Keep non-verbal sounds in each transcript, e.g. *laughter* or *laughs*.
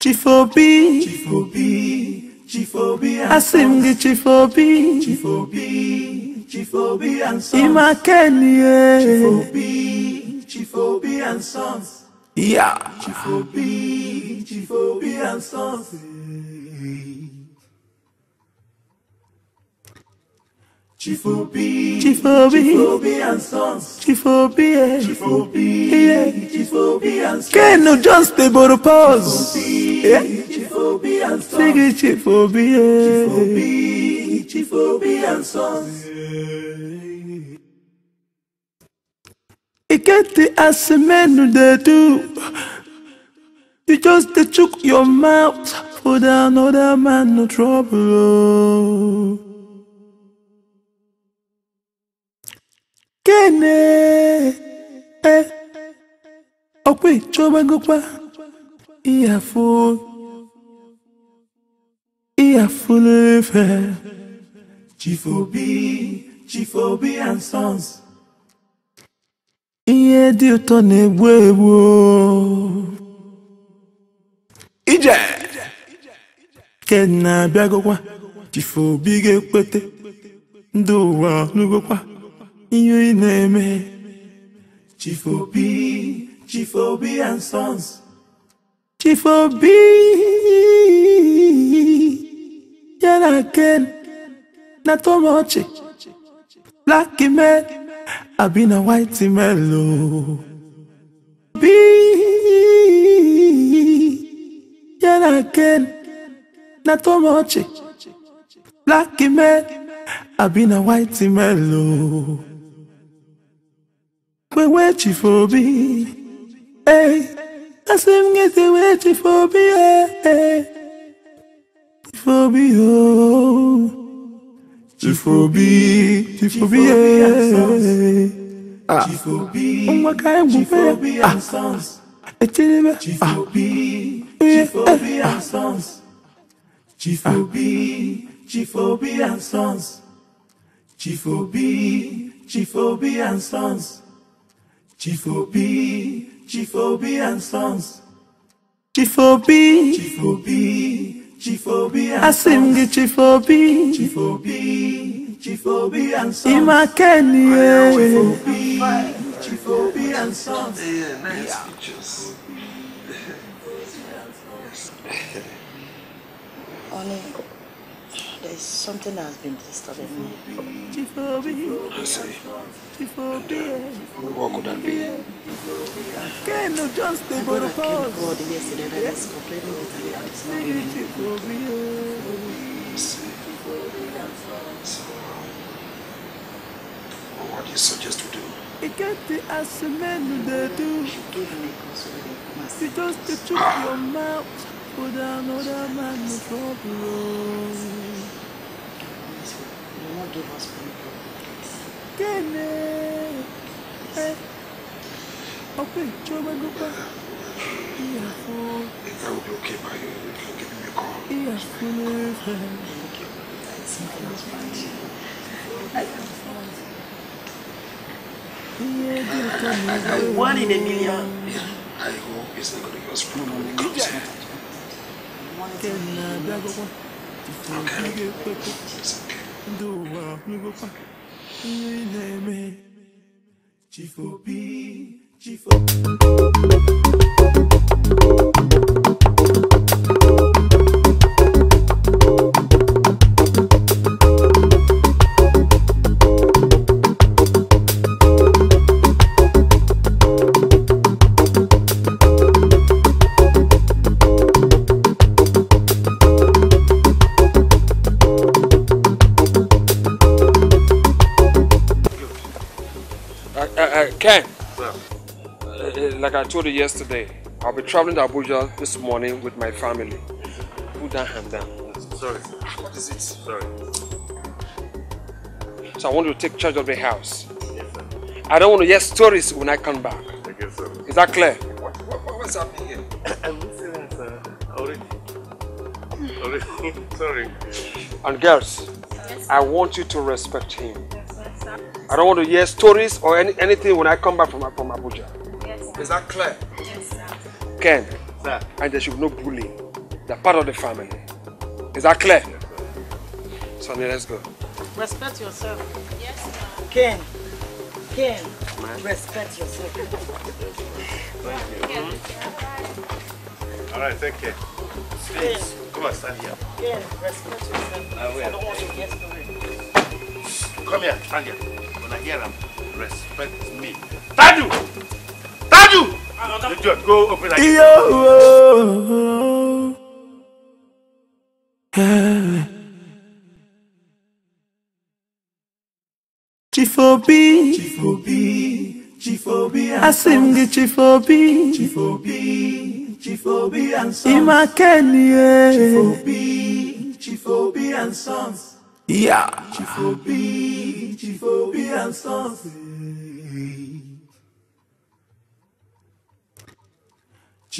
Tifobi, Tifobi, Tifobi, assim que it Tifobi, Tifobi. Chief Obi and Sons. Imakeni. Chief Obi, Chief Obi and Sons. Yeah. Chief Obi, Chief and Sons. Chief Obi, Chief and Sons, Chief Obi, eh. yeah. Chief and Sons. Can you just stay but pause. Yeah. Chief and Sons. Sing it, yeah. Chief Obi, and Sons. Ikete as a man who they do. You just they chook your mouth for another man no trouble. kene ee ọkwa chọbagokwa ịyafụ ịyafụlụ ife Chief Obi Chief Obi and Sons ihe dị ụtọ na-egbu egbu ije kena abịagokwa Chief Obi ga-ekpete ndị ụwa kwa. ihe ị na-eme Chief Obi Chief Obi and Sons Chief Obi ya na Ken na Tomochi black men abi na white men o oh. Obi ya na Ken na Tomochi black men abi na white men o oh. we waiting for me. Hey, I say I'm getting waiting for me. Hey, for me, oh, for me, for me, ah, oh my God, for ah. me, ah, I tell you, ah, for me, for me, and sons, for me, for me, and sons, for me, for me, sons. Chief Obi, Chief Obi and Sons. Chief Obi, Chief Obi, Chief Obi and Sons. Asimgi eh. Chief Obi, Chief Obi, Chief Obi and Sons. Imakeni, eh. Chief Obi, and Sons. Yeah, nice yeah. pictures. Oni. There's something that has been disturbing me. Chifobi. I see. Chifobi. What could that be? Can you just stay for the pause? God yesterday that is complaining with me. Chifobi. I see. So, what do you suggest to do? It can't be as a man they do. You just took your mouth. Put another man in trouble. will not give us money problems. Kene! Eh? Okay, Choma Gupa. I will be okay by you. You can give me a call. Yes, Thank you. I am I, one in a million. Yeah, I hope it's not going to give us problem when it comes out. Okay. Nduwa mgopa Nene Chifopi Chifopi like I told you yesterday, I'll be traveling to Abuja this morning with my family. Put that hand down. Sorry. What is it? Sorry. So I want you to take charge of the house. Yes, sir. I don't want to hear stories when I come back. Okay, sir. Is that clear? What, what, what's happening here? *coughs* I'm listening, sir. Already. Already. *laughs* Sorry. And girls, yes, I want you to respect him. Yes, I don't want to hear stories or any, anything when I come back from, from Abuja. Is that clear? Yes, sir. Ken. Sir. And there should be no bullying. They're part of the family. Is that clear? So let's go. Respect yourself. Yes, sir. Ken. Ken. Respect yourself. All right, thank you. Please, come on, stand here. Ken, respect yourself. I don't want to get Come here, stand here. When I hear them, respect me. Tadu! Taju! go open like Yo! Chifobi. Chifobi. Chifobi. Asimgi Chifobi. Chifobi. Chifobi and sons. Imakenie. Eh. Chifobi. Chifobi and sons. Yeah. Chifobi. Chifobi and sons.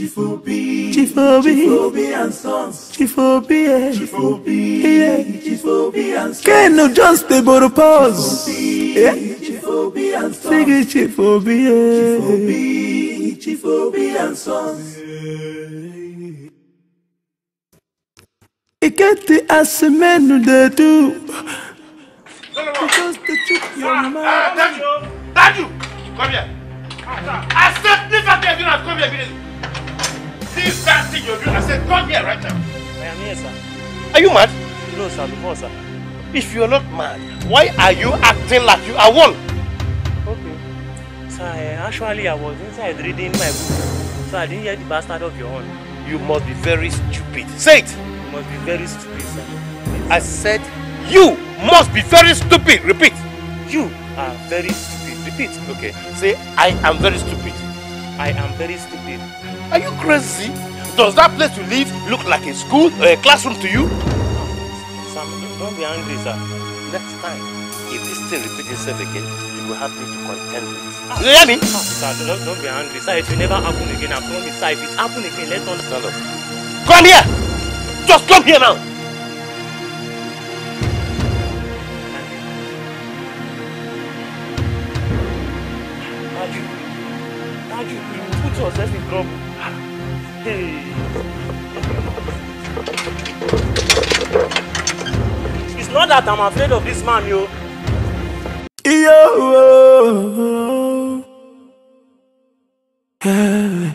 Chifobi, Chifobi, Chifobi and Sons, Chifobi, eh. Chifobi, yeah. Chifobi and Sons. Can you just stay but a pause? Chifobi, yeah. Chifobi and Sons. Sing it, Chifobi, eh. Chifobi, Chifobi and Sons. Ikete asimenu they do. Because they took your man. Uh, Dadu, Dadu, come here. I said, look at me, come here immediately this bad thing you're doing? I said, come here right now. I am here, sir. Are you mad? No, sir, before, sir. If you're not mad, why are you acting like you are one? Okay. Sir, actually, I was inside reading my book, so I didn't hear the bastard of your own. You must be very stupid. Say it! You must be very stupid, sir. I said, you must be very stupid. Repeat. You are very stupid. Repeat. Okay. Say, I am very stupid. I am very stupid. Are you crazy? Does that place you live look like a school or a classroom to you? Sam, don't be angry, sir. Next time, if this thing repeats itself again, you will have me to contend with. Ah. You hear me? Ah, sir, don't, don't be angry, sir. It will never happen again. I promise, sir. If it happens again, let us... Stand up. Come here! Just come here now! Dad, you, Dad, you, you put yourself in trouble. It's not that I'm afraid of this man, yo. Yo. Oh, oh, oh. eh.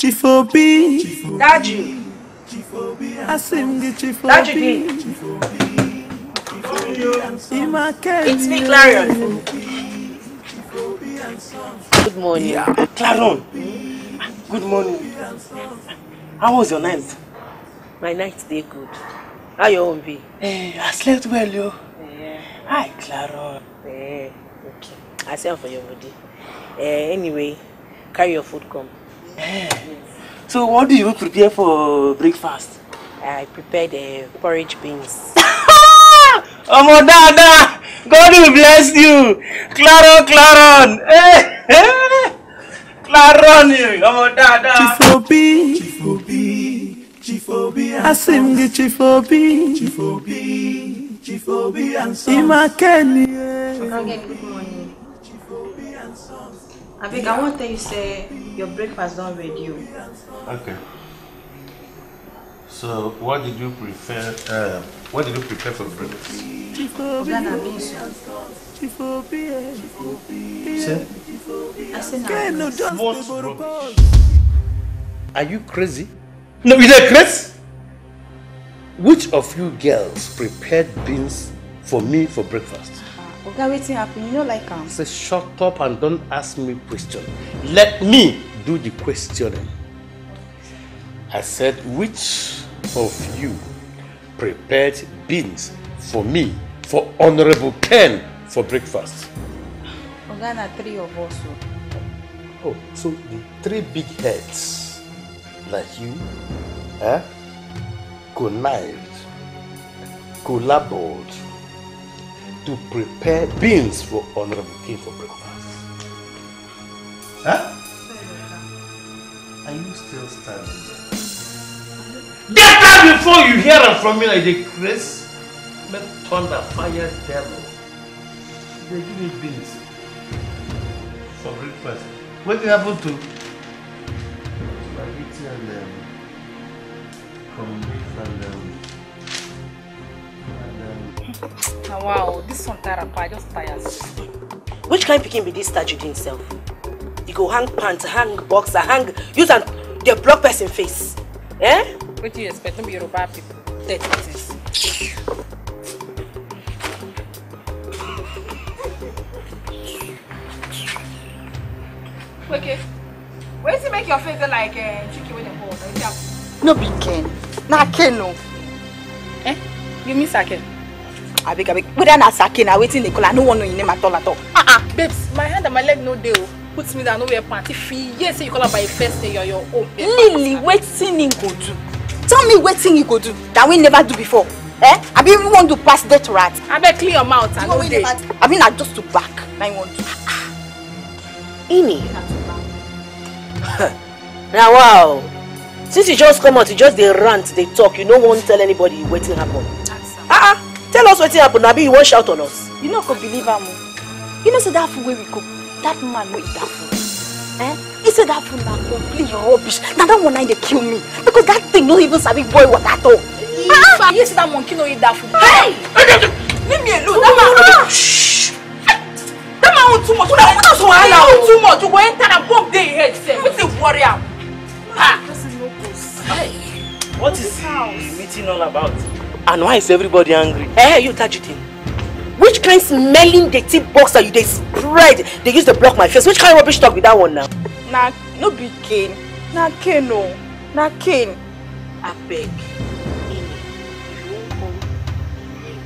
Chief Daddy. Chief Obi. I sing the Chief It's me, Clarion morning. Yeah, Claron. Good morning. How was your night? My night day good. How your own be? Hey, eh, I slept well, you. Yeah. Hi, Claron. Hey, eh, okay. I see for your body. Uh, anyway, carry your food come. Hey. So what do you prepare for breakfast? I prepared uh, porridge beans ọmọ dáadáa God will bless you claro claron eh, *laughs* claron ọmọ dáadáa. chifobi chifobi chifobi asimgi chifobi chifobi chifobi and songs. sons. imakeni. abeg i wan tell you say your breakfast don ready o. Oh. okay so what did you prefer. Uh, What did you prepare for breakfast? Chief Sir? Are you crazy? No, you are not crazy? Which of you girls prepared beans for me for breakfast? Ah, okay, waiting. happen? You no like am. Say shut up and don't ask me question. Let me do the questioning. I said, which of you prepared beans for me, for Honorable Ken, for breakfast. Ogana, three of us. Oh, so the three big heads, like you, eh, connived, collaborated to prepare beans for Honorable Ken for breakfast. Huh? Are you still standing? Better before you hear it from me like the grace, met thunder, fire, devil. They give me beans for breakfast. What happened to spaghetti and um, from and um, now, um, ah, wow, this one I just tires Which kind of picking be this statue self? You go hang pants, hang boxer, hang, use and they block person face. Eh? wetin you expect no be yoruba people Okay. Why wake wetin make your face dey like uh, chicken wey you see no be ken na ken o. Eh? you mean sake. abeg abeg whether na sake na wetin dey call i no wan know your name at all at all. ah ah babes my hand and my leg no deal. Oh. Puts me down no wear pant if e hear you call up by first day. You're your own. lily wetin e go do tell me what thing you go do that we never do before eh I abi we want to pass that rat. abeg clean your mouth i no I abi na just to back na you wan do. ini *laughs* Now wow since you just come out you just they rant they talk you no to tell anybody wetin happen. ah ah tell us wetin happen abi you won't shout on us. you no could believe I'm. you know say that fool where we go. That man with that fool. Eh? He said that phone back complete rubbish. Now that one night they kill me. Because that thing no even sabi boy what at all. Ah! You ah. see that monkey no eat that food. Hey! Leave me alone. That man. Shh! That man want too much. What else will I allow? too much. You go enter and bump their head. What the worry am? Ha! Ah. What is this meeting all about? And why is everybody angry? Hey, eh, eh, you touch it in. Which kind smelling dirty box are you they spread? They use to block my face. Which kind of rubbish talk with that one now? na no be cane na cane o oh. na cane abeg ine if you wan call im name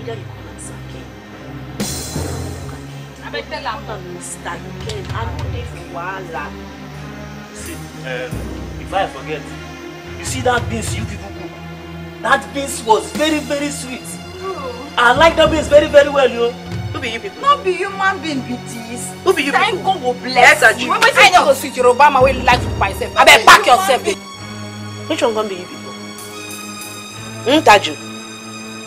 either you call am sir i no see um, if i forget you see that beans you people cook that beans was very very sweet oh. i like that beans very very well you. Know? Who be you people? Not be human being be this. Who be you people? Thank people? God will bless yes, you. When we say I know. go switch Yoruba, my way life by myself. I beg pack yourself. Which one gonna be you people? Hmm, Taju.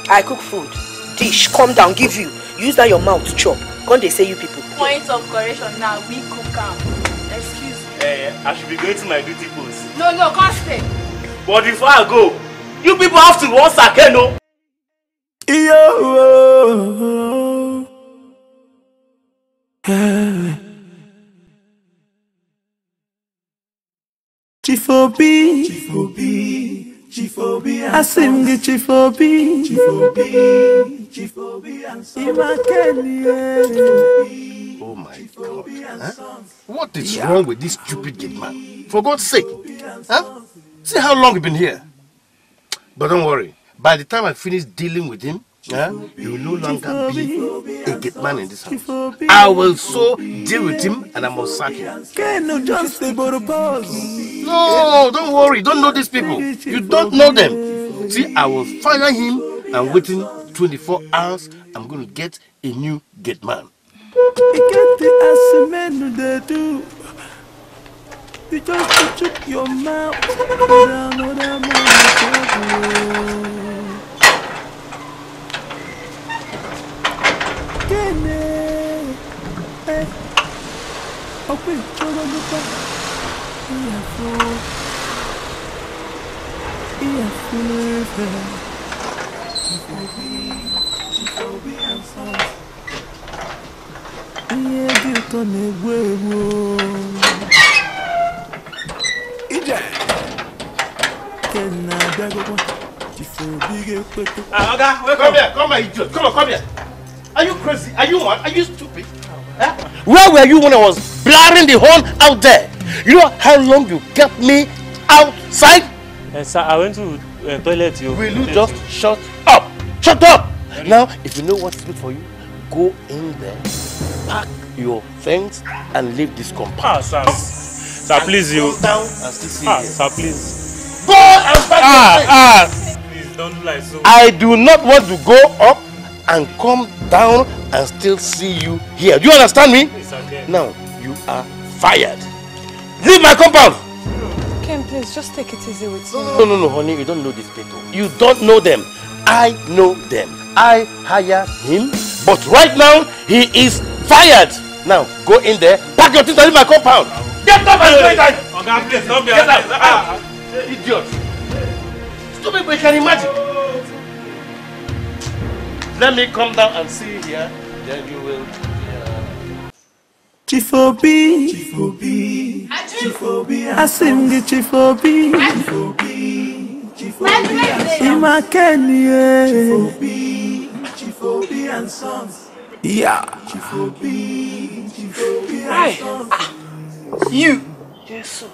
I cook food. Dish, come down, give you. Use that your mouth chop. Come they say you people. Point of correction now, we cook am. Excuse me. Eh, I should be going to my duty post. No, no, come stay. But before I go, you people have to once again, no? Yo. Oh, oh, oh. Chifobi, Chifobi, Chifobi, Asimgi Chifobi, Chifobi, Chifobi, and Oh my God! Huh? What is yeah. wrong with this stupid gate man? For God's sake, huh? See how long he's been here. But don't worry. By the time I finish dealing with him, Yeah? He no longer be a gate man in this house. I will so deal with him and I must sack him. you just pause? No, don't worry. Don't know these people. You don't know them. See, I will fire him and within 24 hours, I'm going to get a new gate man. You get the ass men they do. You just shoot your mouth. kéne ẹ ọpẹ́ ìṣòro nípa ìyàfọ ìyàfọ ẹfẹ. ihe dị ụtọ na-egbu egbu ije kena abịa gụgwa jifobi ga-ekweta. ọga come here come here come on come here. Are you crazy? Are you mad? Are you stupid? Oh. Huh? Where were you when I was blaring the horn out there? You know how long you kept me outside? Uh, sir, I went to uh, toilet. You will you just shut up? Shut up! Now, if you know what's good for you, go in there, pack your things, and leave this compound. Ah, sir. Oh. Sir, please, you. Down ah, and still ah, here. sir, please. Go and pack ah, your things. Ah. Please don't lie so. I do not want to go up and come down and still see you here. Do you understand me? It's okay. Now, you are fired. Leave my compound! Ken, please, just take it easy with me. No, no, no, honey, you don't know these people. You don't know them. I know them. I hire him, but right now, he is fired. Now, go in there, pack your things and leave my compound. Get up and go inside! Oga, please, don't be Get out! Ah, idiot! Stupid, but you can imagine. Let me come down and see here. Then you will. Chifobi, Chifobi, Chifobi, Chief Obi. Chief Obi. I sing the Chifobi. Obi. Chief Obi. Chief Obi. Ima Kenye. Chief and sons. Yeah. Chifobi, Chifobi and sons. Ah, you. Yes, sir.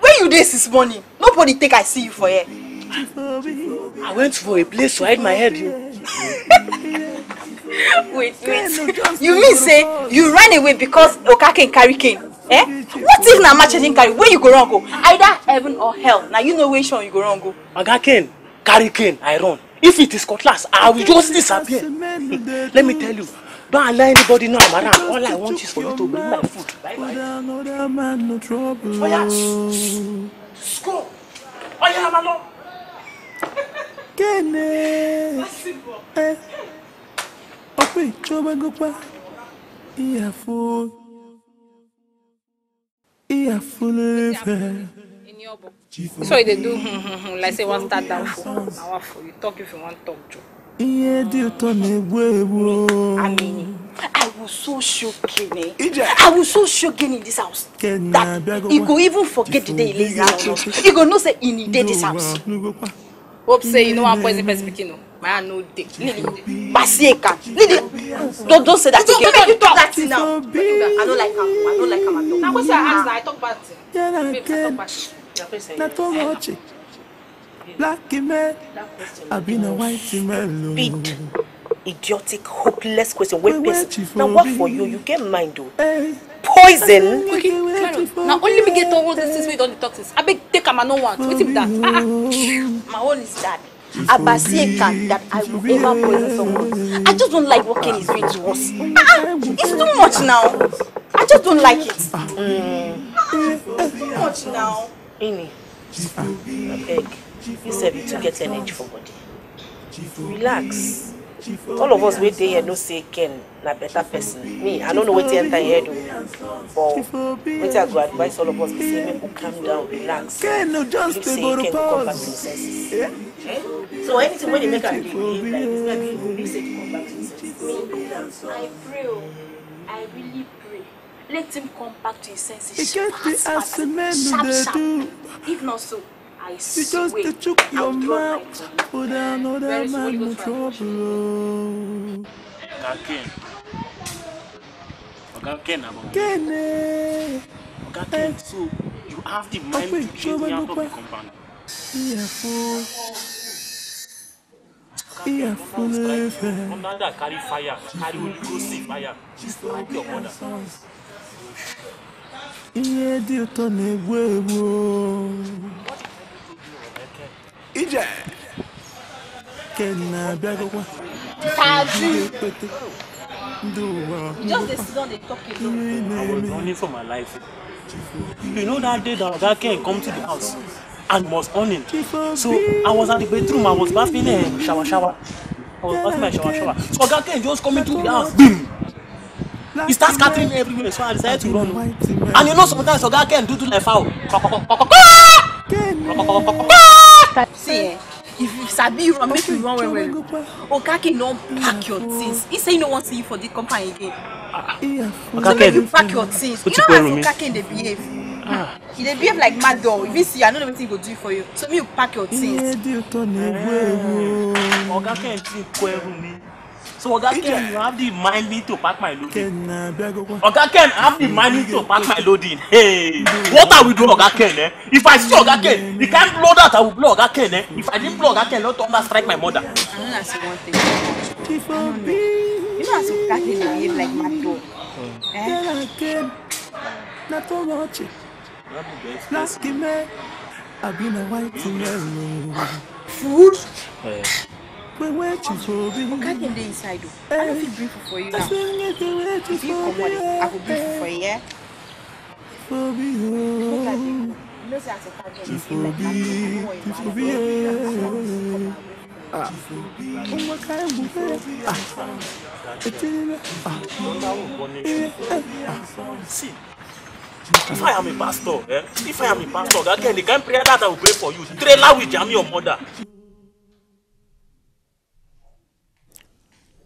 Where you dey this morning? Nobody think I see you for here. I went for a place to hide my head. You wait wait you mean say you ran away because okake carry cane eh what if now match engine carry where you go run go oh? either heaven or hell Now you know which one you go run go. oga oh. Ken, carry cane i run if it is cutlass i will just disappear hmm, let me tell you Don't allow anybody know I'm around. All I want is for you to bring my food. Bye bye. Oh yeah. school. Oh yeah, my lord kene ẹ ọpẹ ìjọbagopa ìyàfó ìyàfó lẹfẹ. So they do like say one start down for our for you talk if you want talk Joe. Iye di utọ na-egbu egbu. Amini, I was so shocking. I was so shocking in this house. That he go even forget the day he lazy. He go know say he needed this house hope say you no wan poison person pikin o my hand no dey lily pasieka lily don don say that again make you talk that thing now i no like am i no like am at all na wetin i ask na i talk bad thing babe i talk bad thing na too much black man i be na white man o. Oh. idiotic hopeless question wey person now? work for you you get mind o poison. now only me get all these things with all the toxins. I beg, take am i no want wetin be that ah, ah my own is that abasieka that i will ever poison someone i just don't like working Ken is to us ah, ah. it's too much now i just don't like it mm. too much now. Amy abeg you said you too get energy for body relax all of us wey dey here know say ken na better person me i no know wetin enter him head o but wetin i go advise all of us be say make we calm down relax believe say ken go come back to him senses eh? Eh? so anything wey dey make am dey behave like this make me believe say he come back to him senses. i pray o i really pray let him come back to his senses fast fast sharp sharp if not so. I swear. You just took your mouth for another man no trouble. Kakin. Ken about Ken. Eh. Ken, eh. so you have the mind to change, me out of the compound. Careful. Careful. Mother carry fire, carry explosive fire. Just like your mother. ihe dị ụtọ na-egbu egbu ije ke na-abịa gụkwa I was running for my life. You know that day that Oga Ken come to the house and was on him. So I was at the bedroom, I was bathing in shower shower. I was bathing my shower shower. So Oga Ken just coming to the house, boom! He starts scattering everywhere, so I decided to run. And you know sometimes Oga Ken do do like foul. See, eh, if you sabi you run, make you run well well. Okake don pack mm, your mm. things. He say he no wan see you for the company again. So make you pack your things. You know how Okake dey behave. Ah. He dey behave like mad dog. If you see, I know everything he go do for you. So make you pack your things. Ọ̀gá kẹ́hìn tí kọ So Oga Ken, you have the money to pack my loading. Oga Ken, I have the money to pack my loading. Hey, what I will do, Oga Ken? Eh? If I see Oga Ken, the kind blow that I will blow Oga Ken. Eh? If I didn't blow Oga Ken, not thunder strike my mother. I know that's one thing. No, no. You know as Oga Ken behave like mad dog. Eh? Not to watch it. Last game, eh? I've been white man. Food. Oh, But wait you for me. Okay, then they inside. I don't feel grateful for you now. If you come on, I will be for you. Yeah? For me, oh. For me, for me, oh. Ah, ọmọ káyọ̀ mú fẹ́. Ah, ètè ah, If I am a pastor, eh? If I am a pastor, that the kind prayer that I will pray for you, trailer with Jami, your mother.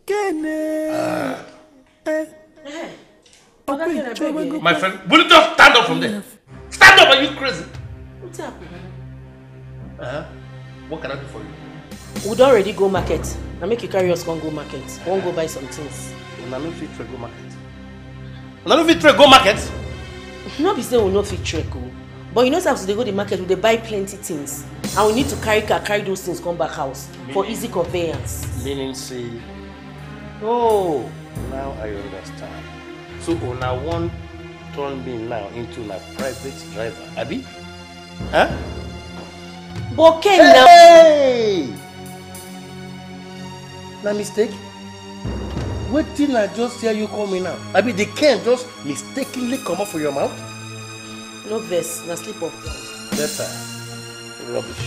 Kene. My friend, will you just stand up from there? Stand up, are you crazy? What's happening? Uh-huh. What can I do for you? We'd already go market. I make you carry us come go market. We wan go buy some things. Una no fit trade go market. Una no fit trade go market? No be say we no fit trade go. But you know how as we go the market we dey buy plenty things and we need to carry car carry those things come back house meaning, for easy conveyance. Meaning say Oh, now I understand. So una wan turn me now into na private driver, Abby? Huh? Bokeh hey! now. Hey! Na mistake? Wetin I just hear you call me now? Abby? They can't just mistakenly come up for your mouth? No vex, na sleep up. Better. Rubbish.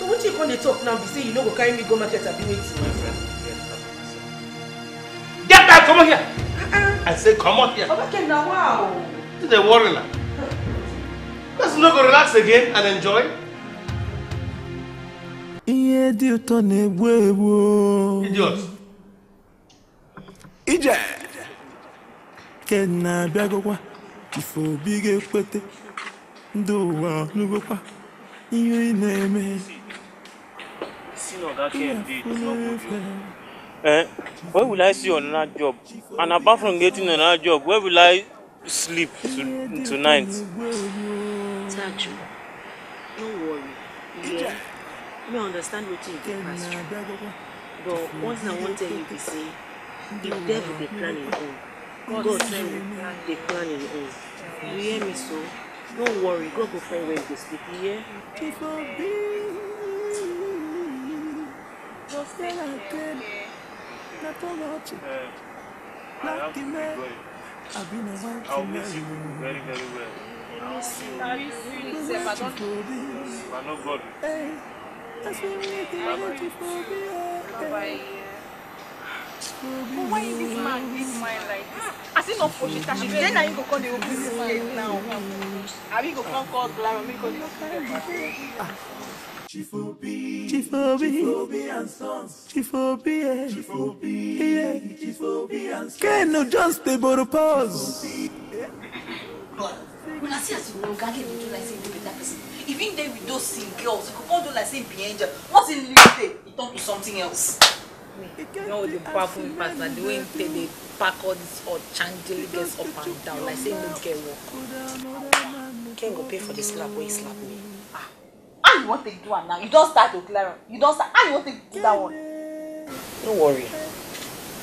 So what you want to talk now be say you know, go carry me go market abi wetin? My friend come on here. Uh-uh. I say, come on here. Baba can now, wow. They worry now. Let's not go relax again and enjoy. Ihe dị ụtọ na Idiot. Ije. Kenna abịagokwa, ifo obi ga-ekwete, ndị ụwa ọnụgokwa, ihe ị na-eme. Si n'ọga kemgbe, n'ọgwụ Eh, where will I see another job? And apart from getting another job, where will I sleep to, tonight? Taju, don't worry. Yeah, me understand what you dey pass through. But one thing I wan tell you to say, the devil dey planning him own, God too dey plan him You hear me so? Don't worry, God will find where to sleep. You hear? Yeah? na Tolochi. Not the I've been a man. I'll miss you very, very well. I miss you. I miss you. I don't But no God. Hey. That's been waiting for me. Bye-bye. But why is this man this man like this? As if not for shit, then I go call the open gate now. I will go call Glaron because you Chief Obi, and Sons, Chief Obi, eh. yeah. Chief and Sons. Can no just stay but pause. When I see as you walk, I get do like saying with that person. Even then we don't same girls, you could not do like saying be angel. Once in the day, It turn to something else. You know the powerful person that the way they, they pack all this or chandelier gets up and down like saying don't care walk. Ken go pay for this slap when he slap me how you wan take do am now you don start to clear am you don start how you wan take do that one. no worry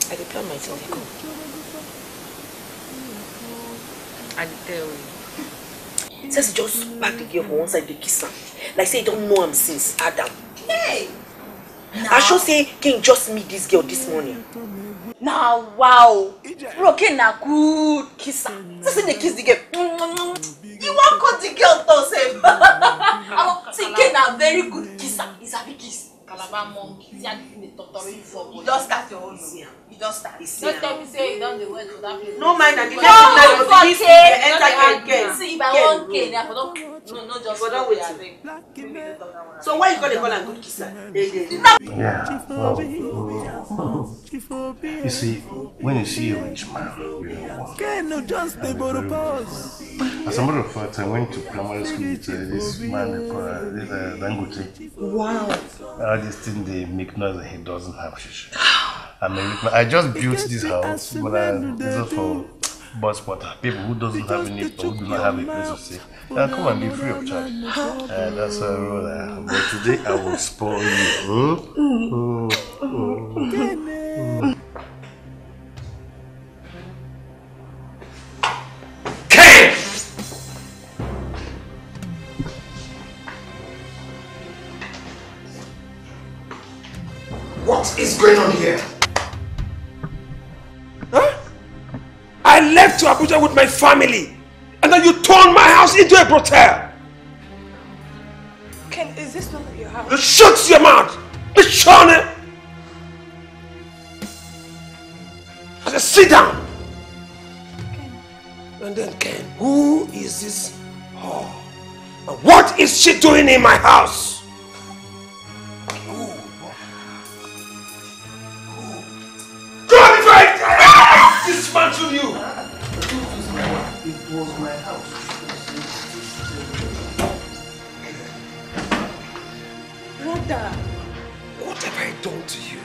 i dey plan my thing dey come i dey tell you. sesi just pack the girl for one side dey kiss am like say he don know am since adam. Hey. Now. i sure say king just meet this girl this morning. na wow Bro, roke na good kisser sisi dey kiss the girl wan cut the girl tongue sef tike na very good kisser is abi kiss. calabar monkey see how the thing dey totori for body. you don start your own. just start Just me say you don't that place. No mind and the next time you go see you enter See if I wan gain I for no no just for don wait So why you got to call a good kisser? Yeah, *laughs* you see, when you see a rich man, you know what? As a matter of fact, I went to primary school with uh, this man called uh, this, uh, Dangote. Wow. I just this thing they make noise and he doesn't have shish. *gasps* *laughs* i I just built this house, but I, this is for bus spotter people who doesn't have any, who do not have a place to stay. Yeah, come and be free of charge. Uh, that's a rule. Uh, but today I will spoil you. Hmm? Oh, oh, oh. What is going on here? I left to Abuja with my family. And then you turned my house into a brothel. Ken, is this not your house? You shut your mouth! Bichone! I said, sit down! Ken. And then Ken, who is this Oh, And what is she doing in my house? my house. Brother! What have I done to you?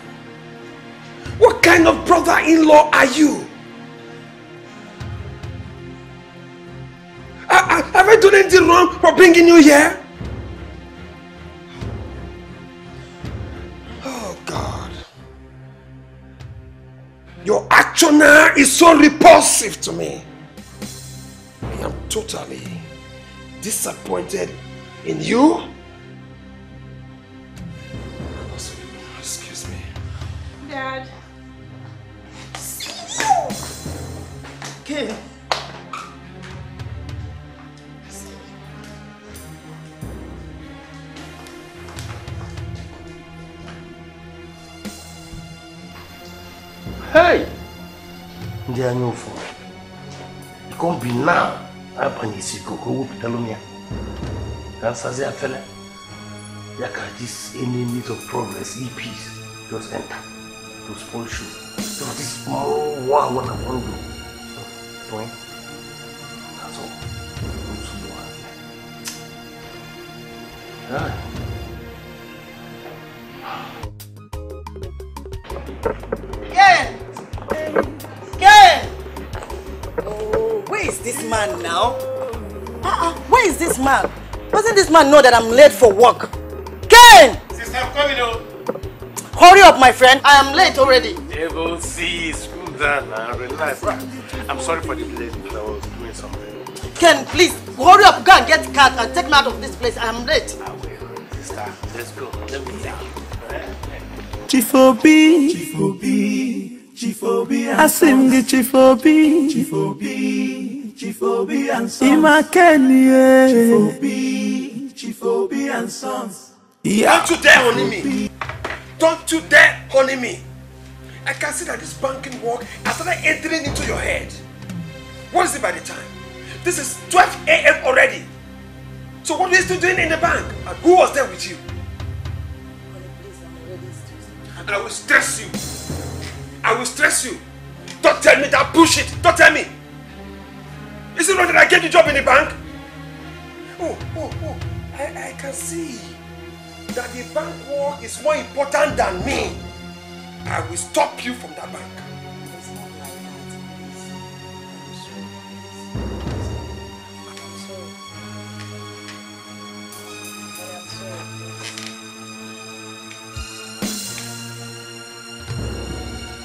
What kind of brother-in-law are you? I, I, have I done anything wrong for bringing you here? Oh God. Your action now is so repulsive to me totally disappointed in you calumnia. And Sazia fell. There can just any means of progress, e peace, just enter to spoil you. So this small one, what I want to do. Point. man know that I'm late for work? Ken! Sister, I'm coming home. Oh. Hurry up, my friend. I am late already. Devil, see, school down now. Relax. I'm sorry for the delay. because I was doing something. Ken, please, hurry up. Go and get cat and take me out of this place. I am late. I will, sister. Let's go. Let me take you. Chief Obi. Chief Obi. Chief Obi. I sing the Chief Obi. Chief Obi. Chief Obi and sons. Ima Kenny. Eh. Chief Obi. Chief and Sons. Yeah. Don't you dare honey me. Don't you dare honey me. I can see that this banking work has started entering into your head. What is it by the time? This is 12 a.m. already. So what are you still doing in the bank? And who was there with you? And I will stress you. I will stress you. Don't tell me that bullshit. Don't tell me. Is it not that I get the job in the bank? Oh, oh, oh. I, I can see that the bank war is more important than me. I will stop you from that bank.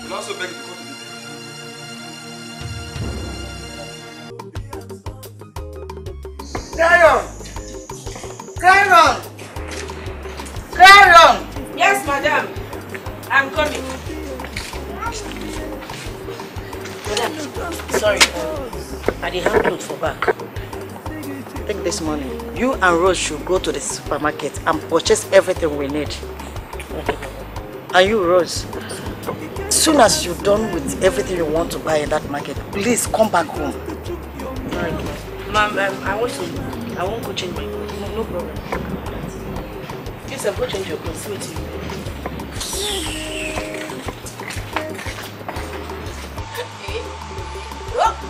also beg you because of it. Zion! Grand round. Yes, madam. I'm coming. Madam, sorry. I did hand load for back. Take this money. You and Rose should go to the supermarket and purchase everything we need. Are you Rose? soon as you're done with everything you want to buy in that market, please come back home. Mom, um, I want to, I won't go change my clothes no problem. Joseph, go change your clothes. See what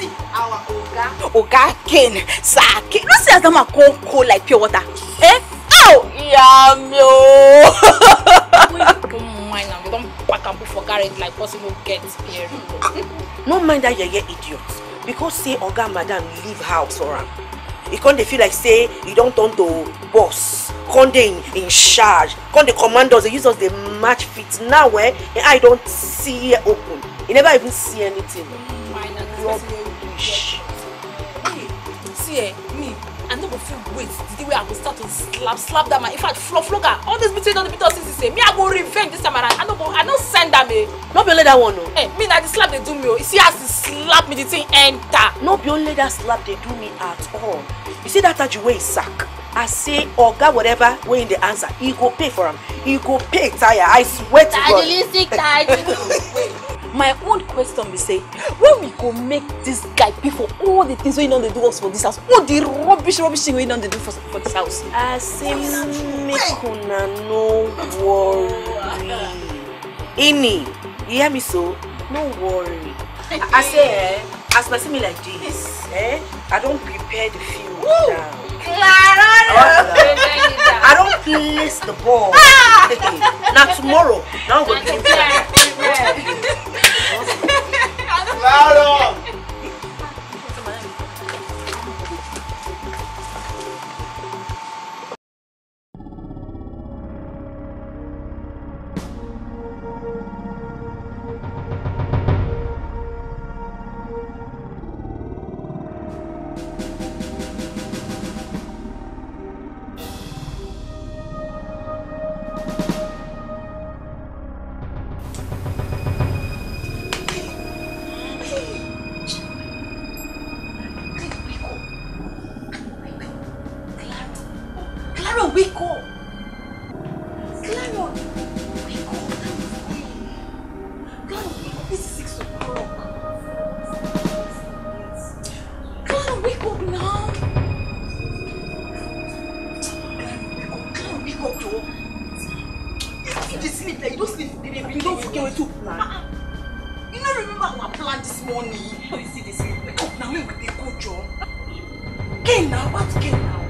you Oga Ken, Saki. No see as them a cold, cold like pure water. Eh? Oh, yeah, me can put for garage like person no get here. no mind that you're here idiot because say oga madam leave house for am e feel like say you e don't turn to boss come dey in, in charge come the commanders, they use us the match fit now eh im eye don see open You e never even see anything. you are bush. see eh me i never feel fit wait way I go start to slap slap that man. In fact, flog flog her. All this between all the bitter since say me I go revenge this time around. I no go I no send that eh. me. No be only that one no. Eh, me na the slap they do me oh. You see as the slap me the thing enter. No be only that slap they do me at all. You see that tattoo wey sack. I say or oga whatever wey in the answer, he go pay for him. He go pay tire. I swear to God. Stylistic tattoo. *laughs* my own question be say when we go make this guy pay for all the things wey he don dey do us for this house all the rubbish rubbish thing wey he don dey do for for this house. i say make una no worry ini you hear me so no worry i say eh as person me like this eh i don prepare the field now. Clara! I don't place the ball. *laughs* *laughs* now tomorrow, now we'll be. ¡Claro! Ah, ah. you don't sleep. You don't fucking wait to plan. You don't remember our plan this morning. you see this? Oh, now we will take oh. go, John. Gain now, what gain now?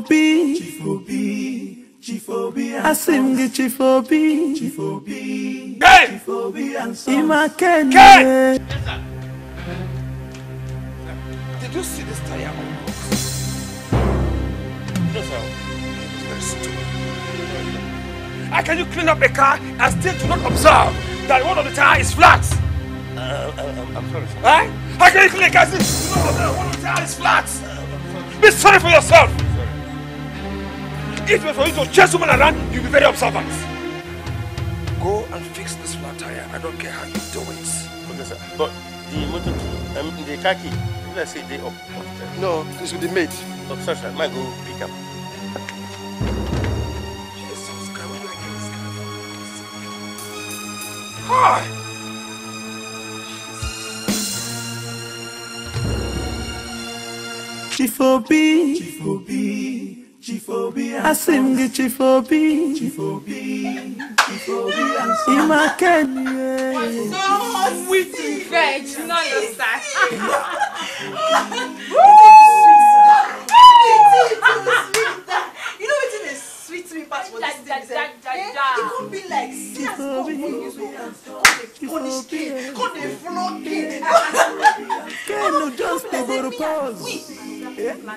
Chifobi, chifobi, Obi. Chief Obi. Asimgi Chief Obi. Chief Obi. Hey! Chief Obi and sons. Imakene. Yes, Did you see this tire on box? No, sir. very stupid. How can you clean up a car and still do not observe that one of the tire is flat? Uh, uh, um, I'm sorry. Right? How can you clean a car and still do not observe one of the tire is flat? Uh, um, Be sorry for yourself if for you to chase women around, you'll be very observant. Go and fix this flat tire. I don't care how you do it. Okay, sir. But the motor, um, the khaki. key, did I say they up? No, this with the mate. Oh, sorry, sir. Might go pick up. Jesus, God, what I this Hi! Chifobi. I sing the Chifobi. Chifobi. Chifobi. Ima eh. Kenny. So witty, Greg. You know your sack. You know what it is? Sweet me pass for this thing. It could be like six people. Punish kid. Could they flog kid? Can you just take a pause? you know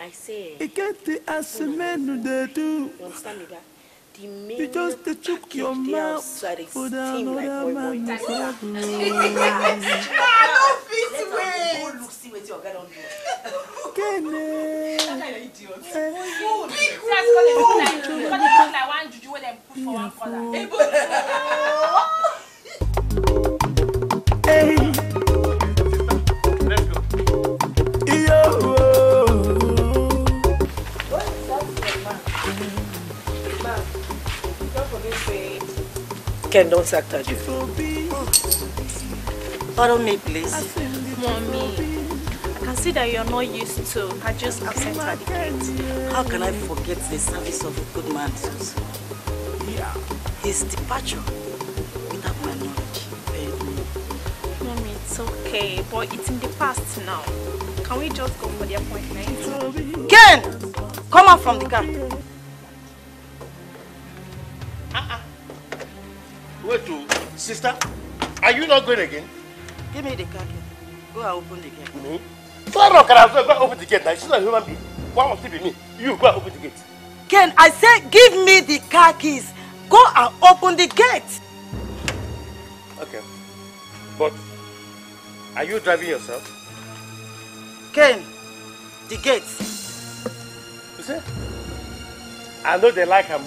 i say. get the as men dey do. you just dey chook your mouth for the another man for i no fit wait. go look see wetin oga don do. kene yà fún. Ken, don't sack that you. Follow me, please. Mommy. I can see that you're not used to. I just accept her How can I forget the service of a good man? his departure without my knowledge. Mommy, it's okay, but it's in the past now. Can we just go for the appointment? Ken! Come out from the car. Uh-uh. Wait, to oh, sister, are you not going again? Give me the car key. Go and open the gate. Me? Sarah can have go open the gate. Now. She's not a human being. Why must it be me? You go and open the gate. Ken, I said give me the car keys. Go and open the gate. Okay. But are you driving yourself? Ken, the gate. You see? I know they like him.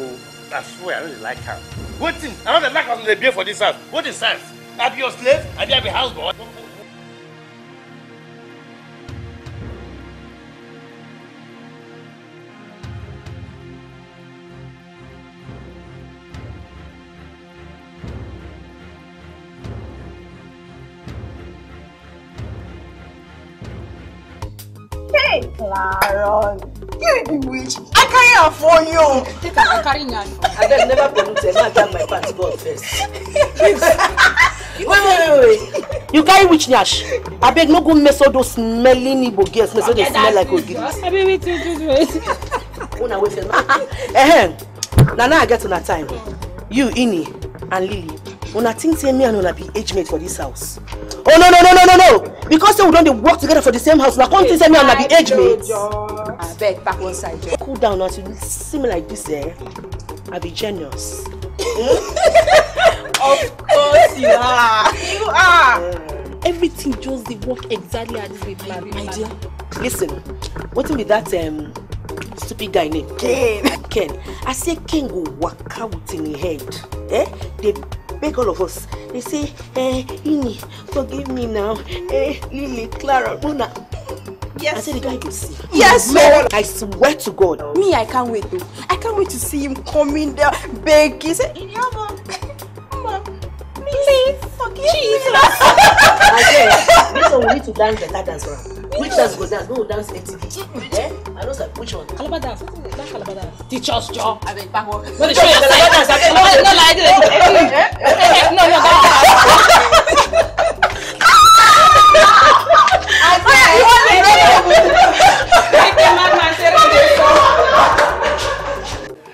I swear, I know they like him. What thing? I know they like him. the beer for this house. What is that? I be your slave? I be a houseboy. Clara, you're the witch. I can't her for you. Take I'm carrying carry I beg never pollute her. Now get my pants God first. wait, wait, wait, wait. You carry witch nash. I beg no go mess all those smelly nibo girls. Mess all they smell like ogi. I beg wait, wait, wait, wait. Una wait for me. Eh, now now I get una time. You, Ini, and Lily. Una think say me and una be age mate for this house. Oh no no no no no no! because say we don't work together for the same house Now come think say me and una be age mate. beg, back one side. cool down now to see me like this eh i be genius. *laughs* of course you are you are. Eh, everything just dey work exactly as we plan my dear. listen wetin be that um, stupid guy name. ken ken i say ken work out with him head eh dey Beg all of us they say eh Ini forgive me now eh Lily Clara Mona Yes. I said the guy go see. Yes, man. I swear to God. Me, I can't wait though. I can't wait to see him coming there, begging. Say, Mama, Mama, please, please forgive Jesus. me. *laughs* said, this one we need to dance the dance round. Which dance go dance? No dance MTV. Eh? I know that which one. Calabar dance. That Calabar dance. Teach us, Joe. I mean, back up. No, the show yourself. Calabar dance. *laughs* No, no, I did it. Eh? Eh? Eh? No, no, that.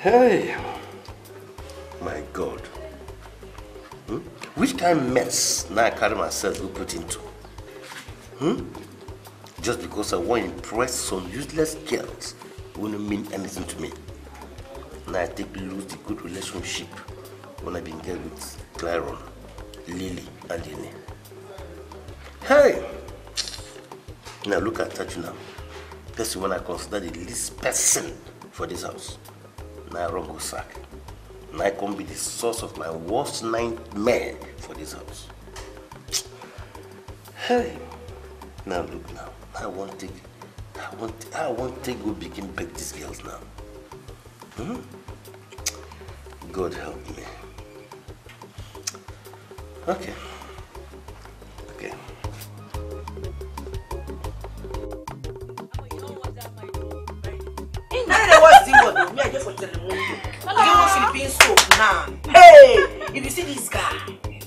Hey, my God. Hmm? Which kind of mess now I carry myself put into? Hmm? Just because I want to impress some useless girls wouldn't mean anything to me. Now I take lose the good relationship when I've been there with Claron, Lily, and Lily. Hey! Now look at that now. That's when I consider the least person for this house. Now I'm wrong go sack. Now I can be the source of my worst nightmare for this house. Hey! Now look now. I won't take, I won't, I won't take go begin beg these girls now. Hmm? God help me. Okay. Okay. Hey, if you see this guy,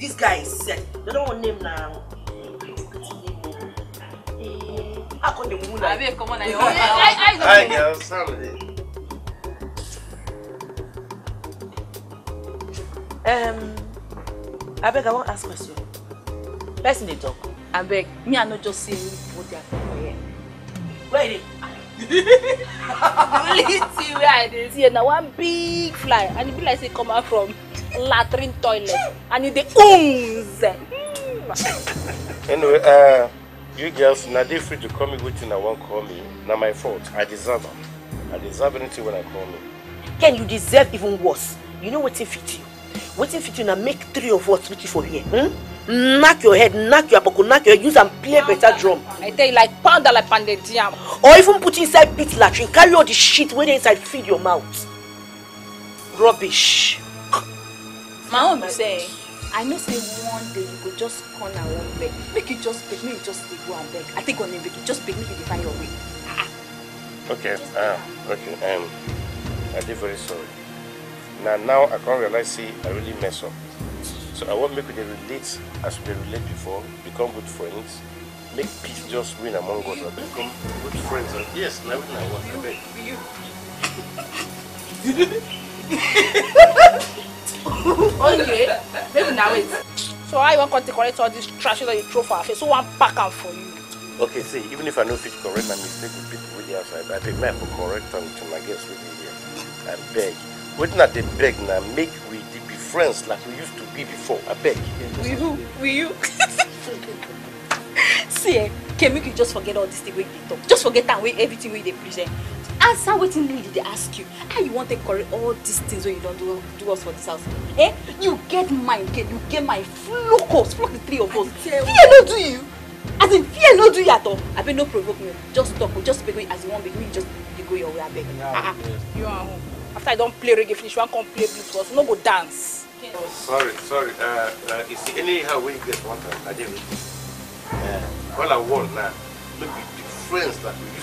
this guy is set. They don't want name now. How come on, I your Hi girl, Um, I beg, I want ask question. Person dey talk. I beg, me I not just see anybody at all here. Where is it? the only thing wey i dey see na one big fly and e be like say e come out from latrine toilet and e the ooze. anyway uh, You girls, now they free to call me waiting. I won't call me. Now my fault. I deserve it. I deserve anything when I call me. Ken, you deserve even worse. You know what in fit you. What in fit you now make three of us meet you for here. Hmm? Knock your head, knock your apoko, knock your head, use and play pound better drum. I tell you like pound like pounded Or even put inside pit latrine, carry all the shit wey inside feed your mouth. Rubbish. My own be saying. i know say one day you could just come and wan beg make you just beg make just dey go and beg i take one beg you just beg make you find your way okay ah okay um, i am very sorry Now, now i come realize see, i really mess up so i won't make with the relate as we relate before become good friends make peace just win among us become good friends and yes now wetin i want You. okay, maybe now wait. So how you wan to correct all these trash that you throw for our face? Who wan pack am for you? Okay, see, even if I know if you correct my mistake with people with the outside, I dey for correct am to my guests with dey here. I beg. Wetin I dey beg now make we be friends like we used to be before. I beg. We who? We you? *laughs* See, eh, Kemi, you just forget all this thing wey talk. Just forget am wey everything we they present answer wetin me they ask you how you wan to correct all these things when you don't do do us for this house eh you get mine, get you get my flok us the three of us fear no do you as in fear no do you at all I abeg no provoke me just talk o just beg as you wan beg me just dey go your way abeg ah ah you are home. after i don't play reggae finish you wan come play blue plus you no go dance. Oh, sorry sorry uh, uh, you see anyhow wey you get one time i didn't. with you i want now. no the friends that we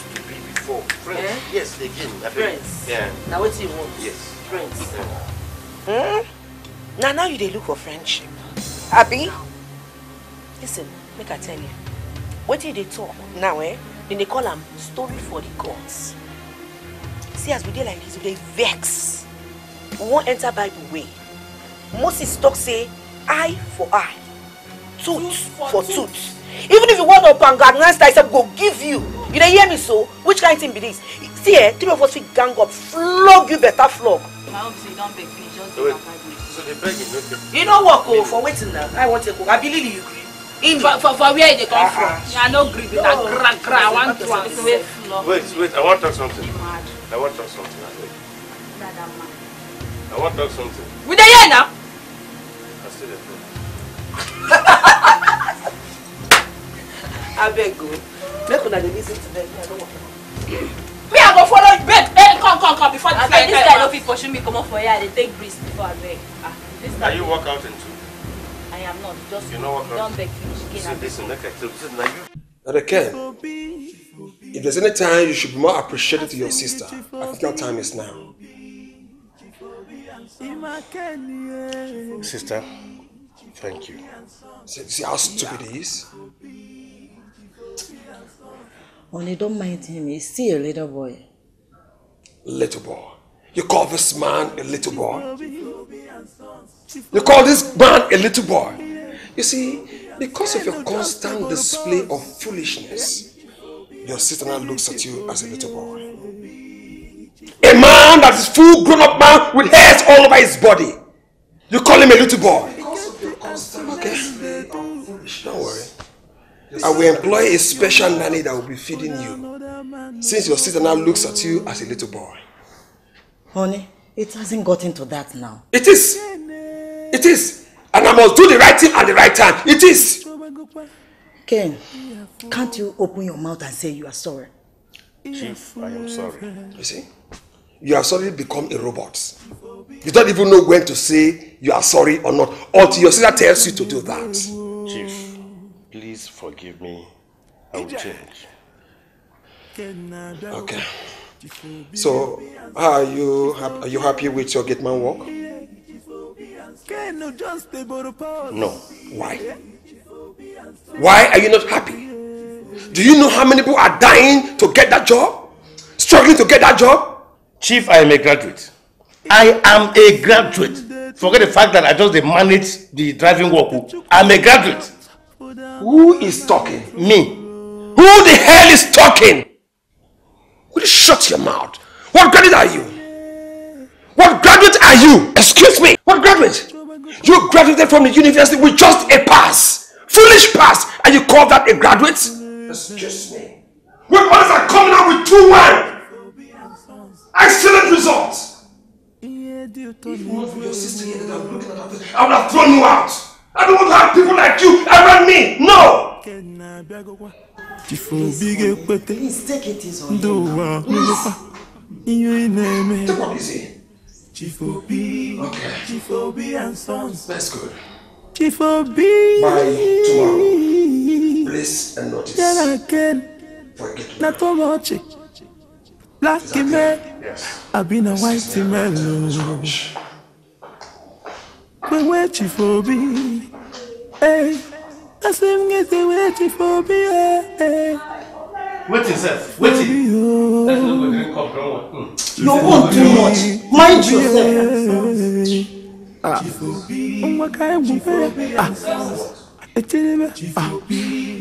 before. Friends. Eh? Yes, they came. I friends. Yeah. Now what do you want? Yes. Friends. Yeah. Hmm? Now, now you they look for friendship. Abby? Listen, make I tell you. What did they talk now, eh? Then they call them story for the gods. See, as we dey like this, we dey vex. We won't enter Bible way. Moses talk say, eye for eye, tooth, tooth for, for tooth. tooth. Even if you want to bang, style, go give you you dey hear me so which kind of thing be this see eh three of us fit gang up flog you better flog. my own be say you don beg finish just give am five so dey beg him no gree. e no work o for wetin na i wan take o abi lily you gree. in for for for where e dey come ah, from. Ah. i no gree with that gra gra i wan do am. wait wait i wan talk something i wan talk something i wan talk something. we dey hear na. i still dey talk. abeg *laughs* o. Oh. make una dey lis to them. me i go follow you babe hey eh, come come come before this guy this guy don't fit pursue me come comot for here i take breeze before i beg ah this guy. na you work out two? i am not just you no work out don beg finish gain and listen make you if there's any time you should be more appreciative to your sister, I think your time is now. Sister, thank you. See, see how stupid he is? Only don't mind him. He's still a little boy. Little boy. You call this man a little boy? You call this man a little boy? You see, because of your constant display of foolishness, your sister now looks at you as a little boy. A man that is full grown up man with hairs all over his body. You call him a little boy. Okay? Don't worry. I will employ a special nanny that will be feeding you, since your sister now looks at you as a little boy. Honey, it hasn't gotten to that now. It is. It is. And I must do the right thing at the right time. It is. Ken, can't you open your mouth and say you are sorry? Chief, I am sorry. You see, you have suddenly become a robot. You don't even know when to say you are sorry or not, until your sister tells you to do that forgive me, I will change. Okay. So, are you are you happy with your gate man work? No. Why? Why are you not happy? Do you know how many people are dying to get that job? Struggling to get that job? Chief, I am a graduate. I am a graduate. Forget the fact that I just managed the driving work. I'm a graduate. Who is talking? Me. Who the hell is talking? Will you shut your mouth? What graduate are you? What graduate are you? Excuse me. What graduate? You graduated from the university with just a pass. Foolish pass. And you call that a graduate? Excuse me. When others are coming out with 2-1. Excellent results. If not for your sister here that I'm looking at, I would have thrown you out. I don't want to have people like you around me. No. Please take it easy. and Sons. That's good. Chief By tomorrow, please and notice. Not for much. Black man. Yes. I've been a white they waiting for me. Hey, that's them guys they waiting for me. Hey. Waiting, sir. Waiting. That's want too much. Mind yourself. Ah, oh my God, Ah, it's Ah.